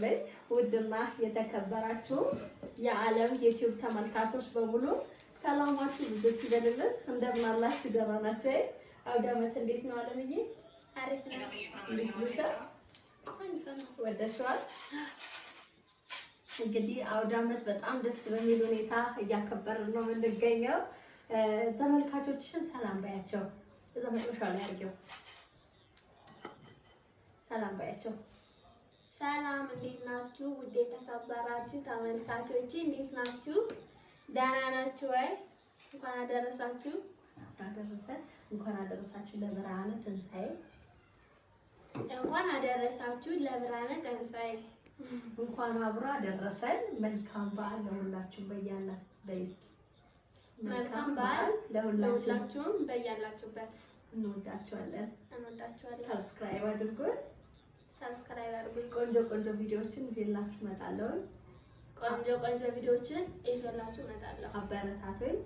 ይስጥልኝ ውድና የተከበራችሁ የዓለም ዩቲዩብ ተመልካቾች በሙሉ ሰላማችሁ ብዙት ይበልልን። እንደምናላችሁ አላችሁ? ደህና ናችሁ? እንዴት ነው? አለምዬ አሪፍ ነው። ወደሽዋል? እንግዲህ አውደ በጣም ደስ በሚል ሁኔታ እያከበርን ነው የምንገኘው። ተመልካቾችሽን ሰላም ባያቸው፣ እዛ መጥረሻ ላይ አድርጌው ሰላም ባያቸው። ሰላም እንዴት ናችሁ? ውድ የተከበራችሁ ተመልካቾች እንዴት ናችሁ? ደህና ናችሁ ወይ? እንኳን አደረሳችሁ አደረሰን። እንኳን አደረሳችሁ ለብርሃነ ትንሣኤ። እንኳን አደረሳችሁ ለብርሃነ ትንሣኤ። እንኳን አብሮ አደረሰን። መልካም በዓል ለሁላችሁም በያላችሁበት። መልካም በዓል ለሁላችሁም በያላችሁበት። እንወዳችኋለን፣ እንወዳችኋለን። ሰብስክራይብ አድርጉን። ሰብስክራይብ አድርጉኝ። ቆንጆ ቆንጆ ቪዲዮዎችን ይዤላችሁ እመጣለሁ። ቆንጆ ቆንጆ ቪዲዮዎችን ይዤላችሁ እመጣለሁ። አበረታቱኝ።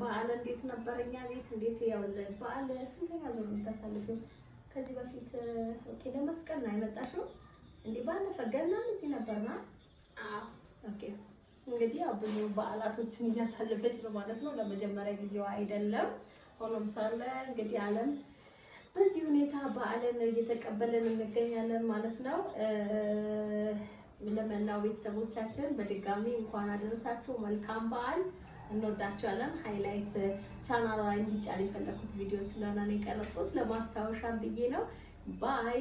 በዓል እንዴት ነበር? እኛ ቤት እንዴት ያውል በዓል ስንተኛ ዙር የምታሳልፊው? ከዚህ በፊት ኦኬ፣ ለመስቀል ነው የመጣሽው እንዴ? ባለፈ ገና እዚህ ነበርና። አዎ፣ ኦኬ። እንግዲህ ያው ብዙ በዓላቶችን እያሳለፈች ነው ማለት ነው። ለመጀመሪያ ጊዜዋ አይደለም። ሆኖም ሳለ እንግዲህ አለም በዚህ ሁኔታ በዓልን እየተቀበለን እንገኛለን ማለት ነው። ለመላው ቤተሰቦቻችን በድጋሚ እንኳን አደረሳችሁ። መልካም በዓል። እንወዳቸዋለን። ሃይላይት ቻናል ላይ እንዲጫል የፈለኩት ቪዲዮ ስለሆነ የቀረጽኩት፣ ለማስታወሻ ብዬ ነው። ባይ